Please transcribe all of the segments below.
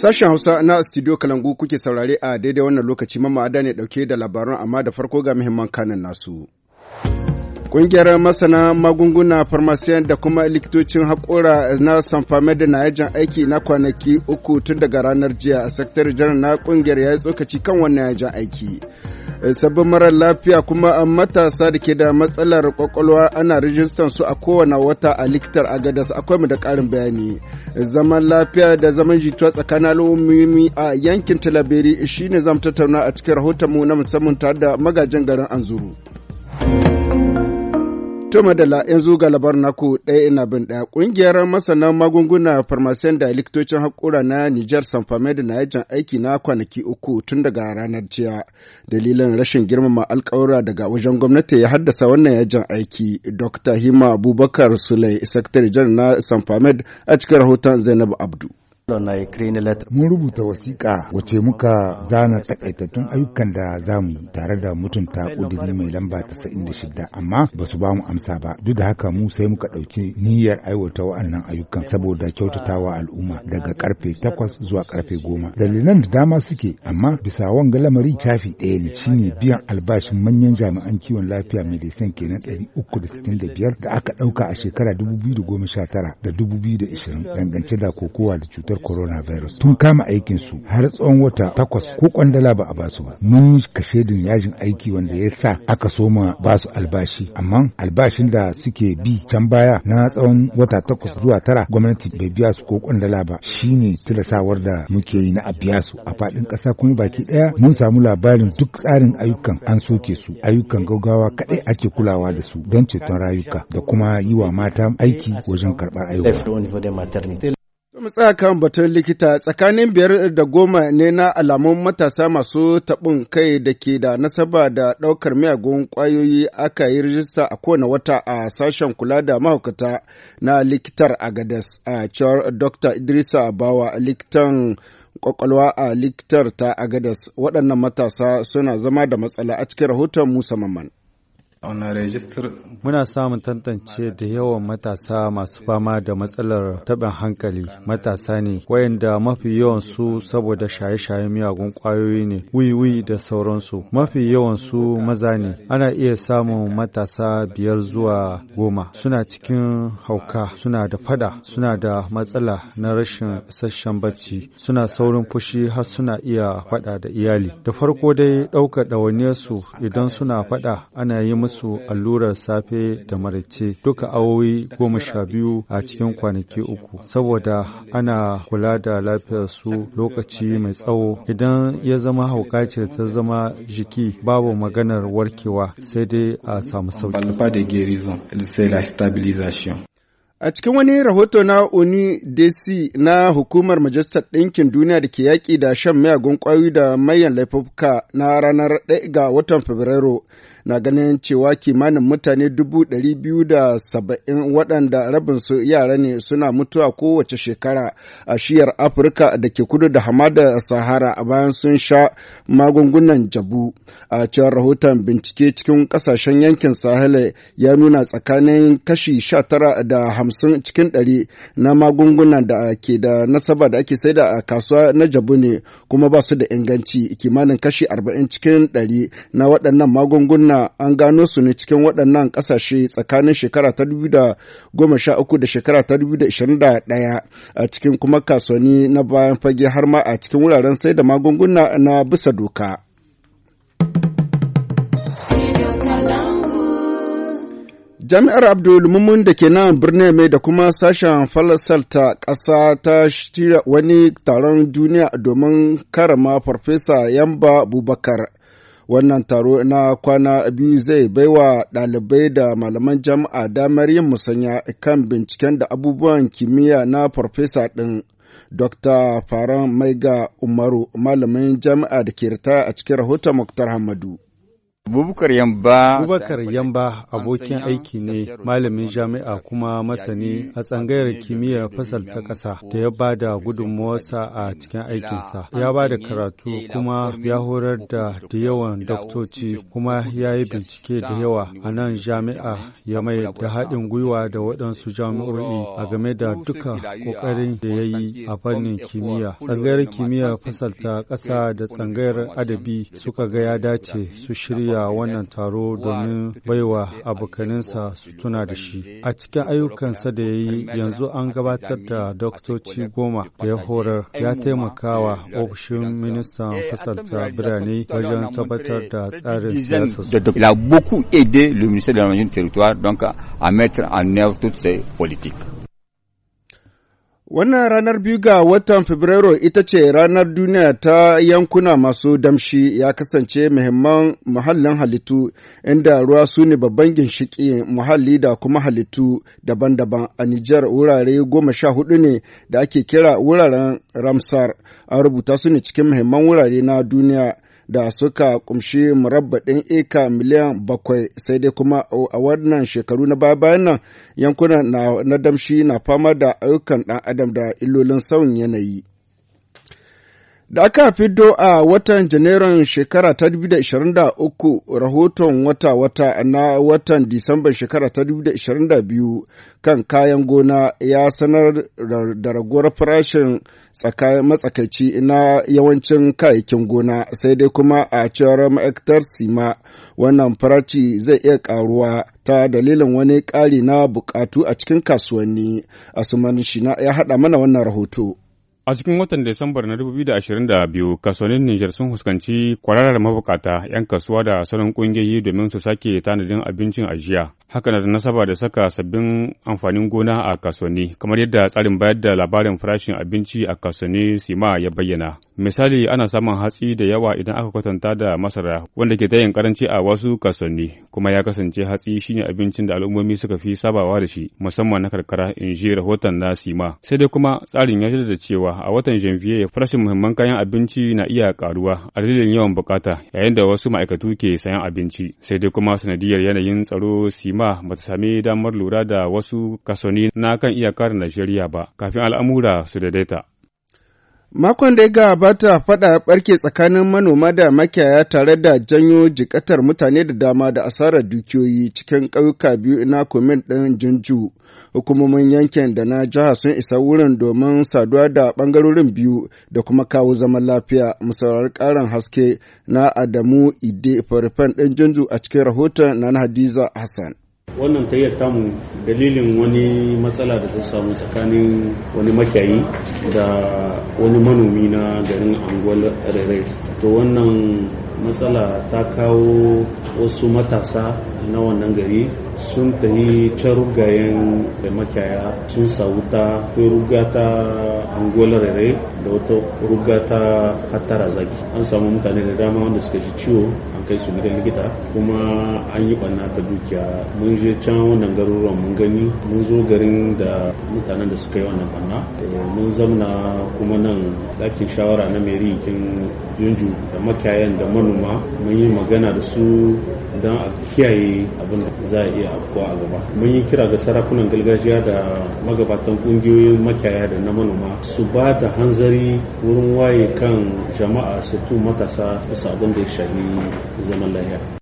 Sashen Hausa na Studio Kalangu kuke saurare a daidai wannan lokaci mamada ne dauke da labaran amma da farko ga muhimman kanin nasu. kungiyar masana magunguna farmasiyan da kuma likitocin haƙura na samfame da Nayajan aiki na kwanaki uku tun daga ranar jiya a Sakatare Janar na kungiyar ya yi tsokaci kan wannan yajin aiki. Eh, sabbin marar lafiya kuma matasa da ke da matsalar kwakwalwa ana rijistan su a kowane wata a likitar a agadas akwai mu da karin bayani eh, zaman lafiya da zaman jituwa tsakanin al'ummomi a yankin talabiri shine zamu tattauna a cikin rahotonmu na musamman tare da magajin garin anzuru. To madalla yanzu ga labar naku ɗaya ina bin ɗaya ƙungiyar masana magunguna farmasiyan da likitocin haƙura na Nijar samfamed na yajin aiki na kwanaki uku tun daga ranar jiya. Dalilin rashin girmama alƙawura daga wajen gwamnati ya haddasa wannan yajin aiki. Dr. Hima Abubakar Sulai, Sakatare Jan na samfamed a cikin rahoton Zainab Abdu. Mun rubuta wasiƙa wace muka zana takaitattun ayyukan da za mu tare da mutunta ƙudiri mai lamba 96 amma ba su ba mu amsa ba duk da haka mu sai muka ɗauki niyyar aiwata wa'annan ayyukan saboda kyautatawa al'umma daga karfe 8 zuwa karfe 10. Dalilan da dama suke amma bisa wanga lamari shafi ɗaya ne shine biyan albashin manyan jami'an kiwon lafiya dasan kenan 365 da aka ɗauka a shekara 2019 da 2020 dangance da kokowa da cutar coronavirus tun kama aikin su har tsawon wata takwas ko kwandala ba a basu ba mun yi kashedin yajin aiki wanda ya sa aka soma basu albashi amma albashin da suke bi can baya na tsawon wata takwas zuwa tara gwamnati bai biya su ko kwandala ba shine tilasawar da muke yi na a biya su a faɗin ƙasa kuma baki ɗaya mun samu labarin duk tsarin ayyukan an soke su ayyukan gaugawa kaɗai ake kulawa da su don ceton rayuka da kuma yi wa mata aiki wajen karɓar ayyuka. tsaya kan batun likita tsakanin biyar da goma ne na alamun matasa masu taɓin kai da ke da nasaba da ɗaukar miyagun ƙwayoyi aka yi rijista a kowane wata a sashen kula da mahaukata na likitar gadas a cewar dr idrisa bawa likitan kwakwalwa a likitar ta agadas waɗannan matasa suna zama da matsala a cikin rahoton musa mamman Muna samun tantance da yawan matasa masu fama da matsalar taɓin hankali matasa ne wayanda mafi yawan su saboda shaye shaye miyagun ƙwayoyi ne wiwi da sauransu mafi yawan su maza ne ana iya samun matasa biyar zuwa goma suna cikin hauka suna da fada suna da matsala na rashin isasshen bacci suna saurin fushi har suna iya fada da iyali da farko dai ɗaukar ɗawainiyarsu idan suna fada ana yi musu su allurar safe da marace duka awowi goma sha biyu a cikin kwanaki uku saboda ana kula da lafiyar su lokaci mai tsawo idan ya zama hauka da ta zama jiki babu maganar warkewa sai dai a samu sauki. A cikin wani rahoto na desi na Hukumar Majalisar Ɗinkin Duniya da ke yaƙi da shan miyagun ƙwayoyi da mayan laifuka na ranar 1 ga watan Fabrairu, na ganin cewa kimanin mutane dubu ɗari biyu da saba'in waɗanda rabinsu yara ne suna mutuwa kowace shekara a shiyar afirka da ke kudu da hamada sahara bayan sun sha magungunan jabu a cewar rahoton bincike cikin ƙasashen yankin sahel ya nuna tsakanin kashi sha tara da hamsin cikin ɗari na magungunan da ke da nasaba da ake saida a kasuwa na jabu ne kuma ba su da inganci kimanin kashi arba'in cikin ɗari na waɗannan magunguna an gano su ne cikin waɗannan ƙasashe tsakanin shekara ta 2013 da shekara ta 2021 a cikin kuma kasuwanni na bayan fage har ma a cikin wuraren sai da magunguna na bisa doka. Jami'ar Abdulmumun da ke nan birnin mai da kuma sashen falasar ta ƙasa ta shirya wani taron duniya domin karama Farfesa Yamba Abubakar. Wannan taro na kwana biyu zai baiwa ɗalibai da malaman jami'a damar yin musanya kan binciken da abubuwan kimiyya na farfesa ɗin. Dr. Faran Maiga Umaru, malamin jami'a da ke ritaya a cikin rahoton Muktar Hamadu. Bubakar Yamba Bubakar Yamba abokin aiki ne malamin jami'a kuma masani a tsangayar kimiyyar fasal ta ƙasa da ya ba da gudunmawarsa a cikin aikinsa. Ya ba da karatu kuma ya horar da da yawan daktoci kuma ya yi bincike da yawa a nan jami'a ya mai da haɗin gwiwa da waɗansu jami'o'i a game da duka ƙoƙarin da ya yi a fannin kimiyya. Tsangayar kimiyyar fasal ta ƙasa da tsangayar adabi suka ga ya dace su shirya da wannan taro domin baiwa abokaninsa su tuna da shi. A cikin ayyukansa da ya yi yanzu an gabatar da doktoci goma da ya horar ya taimakawa ofishin ministan fasalta birane wajen tabbatar da tsarin siyasa. Il Wannan ranar biyu ga watan Fabrairu ita ce ranar duniya ta yankuna masu damshi ya kasance muhimman muhallin halittu inda ruwa su ne babban ginshiki muhalli da kuma halittu daban-daban a Nijar wurare goma sha hudu ne da ake kira wuraren Ramsar. An rubuta su ne cikin muhimman wurare na duniya da suka kumshi murabbaɗin eka miliyan bakwai sai dai kuma a wannan shekaru na baya bayan nan yankunan na damshi na fama da ayyukan ɗan adam da illolin sauyin yanayi. Da aka fito a watan Janairun shekara ta 2023 rahoton wata-wata na watan Disamban shekara ta 2022 kan kayan gona ya sanar da raguwar farashin matsakaici na yawancin kayayyakin gona sai dai kuma a cewar ma'aikatar sima wannan farashi zai iya karuwa ta dalilin wani ƙari na bukatu a cikin kasuwanni. Asuman Shina ya haɗa mana wannan rahoto. A cikin watan Disambar na 2022, kasuwannin Nijar sun fuskanci kwararar mabukata 'yan kasuwa da sauran ƙungiyoyi domin su sake tanadin abincin ajiya. Haka na da nasaba da saka sabbin amfanin gona a kasuwanni, kamar yadda tsarin bayar da labarin farashin abinci a kasuwanni Sima ya bayyana. Misali ana samun hatsi da yawa idan aka kwatanta da masara wanda ke tayin karanci a wasu kasuwanni, kuma ya kasance hatsi shine abincin da al'ummomi suka fi sabawa da shi, musamman na karkara in rahoton na Sima. Sai dai kuma tsarin ya da cewa a watan janvier farashin muhimman kayan abinci na iya karuwa a dalilin yawan bukata yayin da wasu ma'aikatu ke sayan abinci sai dai kuma sanadiyar yanayin tsaro sima bata sami damar lura da wasu kasoni na kan iyakar najeriya ba kafin al'amura su daidaita Makon da ya gabata faɗa barke tsakanin manoma da makiyaya tare da janyo jikatar mutane da dama da asarar dukiyoyi cikin ƙauyuka biyu ina komin ɗin Jinju. hukumomin yankin da na jiha sun isa wurin domin saduwa da ɓangarorin biyu da kuma kawo zaman lafiya musaurar karin haske na adamu ide farfan ɗin jinju a cikin rahoton na hadiza hassan wannan ta tayyar tamu dalilin wani matsala da ta samu tsakanin wani makiyayi da wani manomi na garin angola rairai to wannan matsala ta kawo wasu matasa na wannan gari sun tafi ta rugayen da makiyaya sun sauta ta ruga ta angola rere da wata ruga ta hattara zaki an samu mutane da dama wanda suka ji ciwo an kai su gidan likita kuma an yi banna ta dukiya mun je can wannan garuruwan mun gani mun zo garin da mutanen da suka yi wannan banna eh, mun zamna kuma nan ɗakin shawara na mai rikin yunju da makayan da manoma mun yi magana da su don a kiyaye abin da za a iya afkuwa a gaba mun yi kira ga sarakunan gargajiya da magabatan kungiyoyin makiyaya da na manoma su ba da hanzari wurin waye kan jama'a su matasa su abin da ya shahi zaman lahiya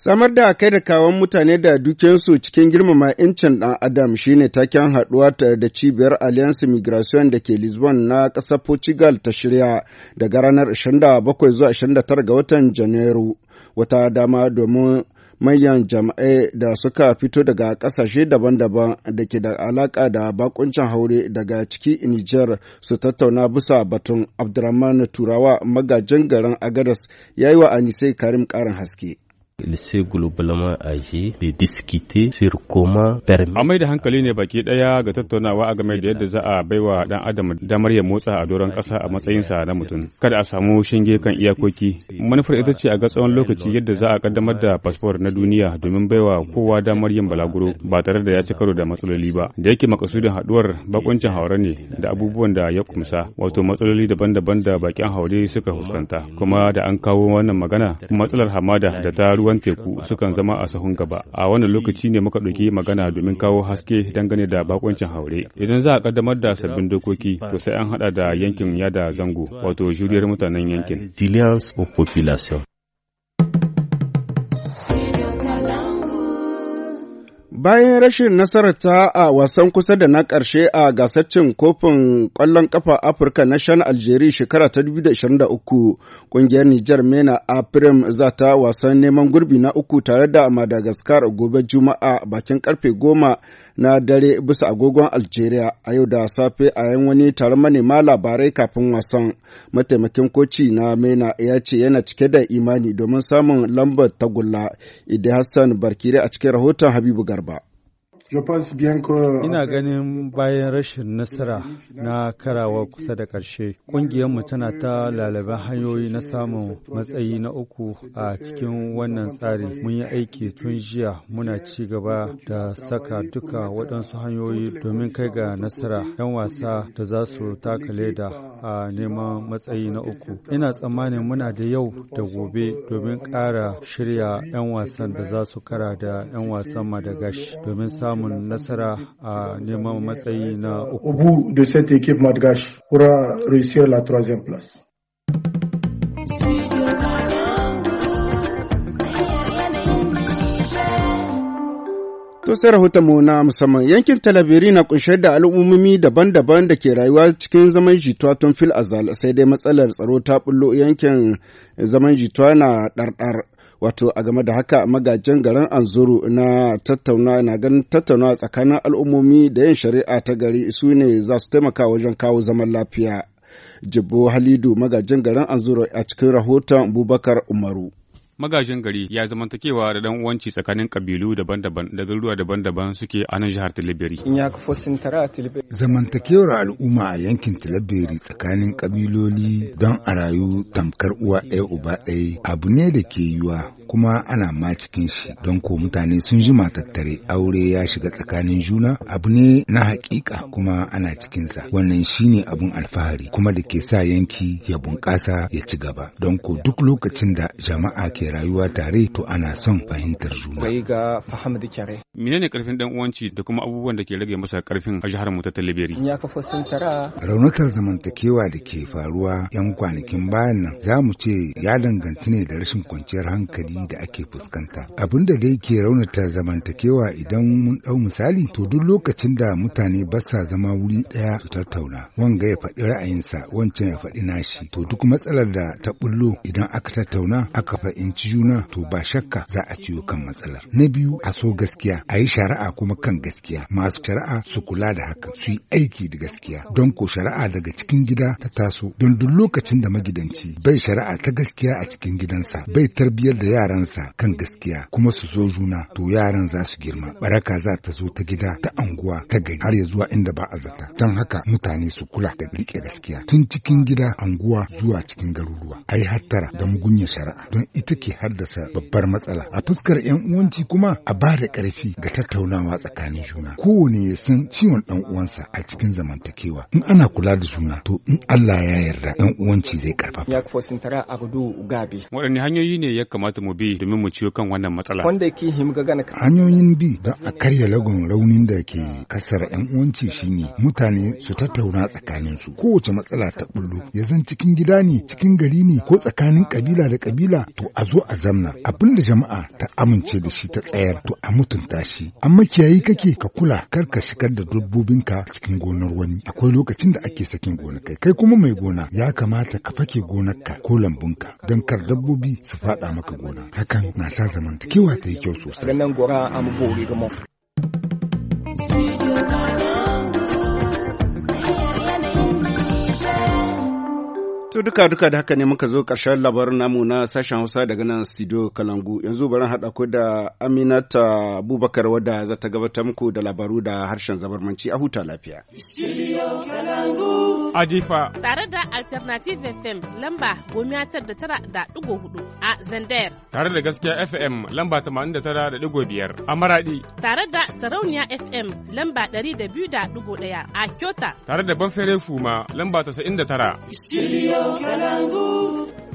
Samar da kai da kawon mutane da dukiyarsu cikin girmama 'yancin ɗan Adam shine taken haɗuwa tare da cibiyar Alliance Migration da ke Lisbon na ƙasar Portugal ta shirya daga ranar 27 zuwa 29 ga watan Janairu. Wata dama domin manyan jama'ai da suka fito daga ƙasashe daban-daban da ke da alaka da bakuncin haure daga ciki Nijar su tattauna bisa batun Abdurrahman Turawa magajin garin Agadas ya yi wa Anisai Karim ƙarin haske. lycée globalement âgé de discuter sur comment permettre. Amai da hankali ne baki daya ga tattaunawa a game da yadda za a baiwa dan adam damar ya motsa a doron kasa a matsayinsa na mutum. Kada a samu shinge kan iyakoki. Manufar ita ce a ga tsawon lokaci yadda za a kaddamar da fasfor na duniya domin baiwa kowa damar yin balaguro ba tare da ya ci karo da matsaloli ba. Da yake makasudin haduwar bakuncin haure ne da abubuwan da ya kumsa wato matsaloli daban-daban da bakin haure suka fuskanta kuma da an kawo wannan magana matsalar hamada da ta ruwa ruwan teku sukan zama a sahun gaba. A wannan lokaci ne muka ɗauki magana domin kawo haske dangane da bakoncin haure. Idan za a kaddamar da sabbin dokoki to sai an haɗa da yankin yada zango wato juriyar mutanen yankin. Bayan rashin nasararta a wasan kusa da na ƙarshe a gasaccin kofin ƙwallon ƙafa Afirka na shan Aljeri shekara ta 2023, ƙungiyar Nijar Mena a Prem za ta wasan neman gurbi na uku tare da Madagascar gobe Juma'a bakin ƙarfe goma na dare bisa agogon Algeria a yau da safe a yan wani taron manema labarai kafin wasan. Mataimakin koci na Mena ya ce yana cike da imani domin samun lambar tagulla. idan Hassan Barkire a cikin rahoton Habibu Garba. Ina ganin bayan rashin nasara na karawa kusa da ƙarshe, ƙungiyarmu tana ta lalaban hanyoyi na samun matsayi na uku a cikin wannan tsari. Mun yi aiki tun jiya muna ci gaba da saka duka waɗansu hanyoyi domin kai ga nasara 'yan wasa da za su taka leda a neman matsayi na uku. Ina tsammanin muna da yau da gobe domin ƙara shirya 'yan wasan da za su kara da 'yan wasan Madagash domin samun samun nasara a neman matsayi na uku. Au bout de cette équipe malgache pourra réussir la troisième place. To sai mu na musamman yankin talabiri na kunshe da al'ummomi daban-daban da ke rayuwa cikin zaman jituwa tun fil azal sai dai matsalar tsaro ta bullo yankin zaman jituwa na ɗarɗar. wato a game da haka magajin garin anzuru na tattauna na ganin tattauna tsakanin al'ummomi da yin shari'a ta gari su ne za su taimaka wajen kawo zaman lafiya jibbo halidu magajin garin anzuru a cikin rahoton bubakar umaru magajin gari ya zamantakewa da dan uwanci tsakanin kabilu daban-daban da garuruwa daban-daban suke a nan jihar Tilibiri. Zamantakewar al'umma a yankin Tilibiri tsakanin kabiloli don a rayu tamkar uwa ɗaya uba ɗaya abu ne da ke yiwa kuma ana ma cikin shi don ko mutane sun ji matattare aure ya shiga tsakanin juna abu ne na hakika kuma ana cikinsa wannan shine abun alfahari kuma da ke sa yanki ya bunƙasa ya ci gaba don ko duk lokacin da jama'a ke rayuwa tare to ana son fahimtar juna. ga Menene karfin dan uwanci da kuma abubuwan da ke rage masa karfin a jihar mu ta Talibiri? Raunatar zamantakewa da ke faruwa 'yan kwanakin bayan nan za mu ce ya danganci ne da rashin kwanciyar hankali da ake fuskanta. Abin da dai ke raunata zamantakewa idan mun dau misali to duk lokacin da mutane ba sa zama wuri daya su tattauna wanga ya faɗi ra'ayinsa wancan ya faɗi nashi to duk matsalar da ta bullo idan aka tattauna aka fahimci fahimci juna to ba shakka za a ciyo kan matsalar. Na biyu a so gaskiya a yi shari'a kuma kan gaskiya masu shari'a su kula da hakan su yi aiki da gaskiya don ko shari'a daga cikin gida ta taso don duk lokacin da magidanci bai shari'a ta gaskiya a cikin gidansa bai tarbiyar da yaransa kan gaskiya kuma su zo juna to yaran za su girma baraka za ta zo ta gida ta anguwa ta gari har ya zuwa inda ba a zata don haka mutane su kula da rike gaskiya tun cikin gida anguwa zuwa cikin garuruwa A yi hattara da mugunya shari'a don ita ke ke haddasa babbar matsala. A fuskar 'yan uwanci kuma a ba da ƙarfi ga tattaunawa tsakanin juna. Kowane ya san ciwon ɗan uwansa a cikin zamantakewa. In ana kula da juna to in Allah ya yarda Yan uwanci zai karfafa. Ya kuwa sintara Abdu Gabi. Waɗanne hanyoyi ne ya kamata mu bi domin mu ciyo kan wannan matsala? Wanda ke himga gana. Hanyoyin bi don a karya lagon raunin da ke kasar 'yan uwanci shine mutane su tattauna tsakaninsu. Kowace matsala ta bullo ya zan cikin gida ne cikin gari ne ko tsakanin kabila da kabila to a zo a zamna abin da jama'a ta amince da shi ta tsayar to a mutunta shi amma kiyayi kake ka kula kar ka shigar da dabbobinka cikin gonar wani akwai lokacin da ake sakin gonakai kai kai kuma mai gona ya kamata ka fake ka ko lambun ka, don kar dabbobi su faɗa maka gona hakan na sa zamantakewa ta yi kyau sosai To duka duka da haka ne muka zo ƙarshen labarin namu na sashen Hausa daga nan studio Kalangu. Yanzu bari haɗa ku da Aminata Abubakar wadda za ta gabatar muku da labaru da harshen zabarmanci a huta lafiya. Studio Kalangu. Adifa. Tare da Alternative FM lamba gomiya tar da tara da ɗigo hudu a Zandayar. Tare da gaskiya FM lamba tamanin da tara da ɗigo biyar a Maradi. Tare da Sarauniya FM lamba ɗari da biyu da ɗigo ɗaya a Kyota. Tare da Banfere Fuma lamba tasa'in da tara. Studio Kalangu.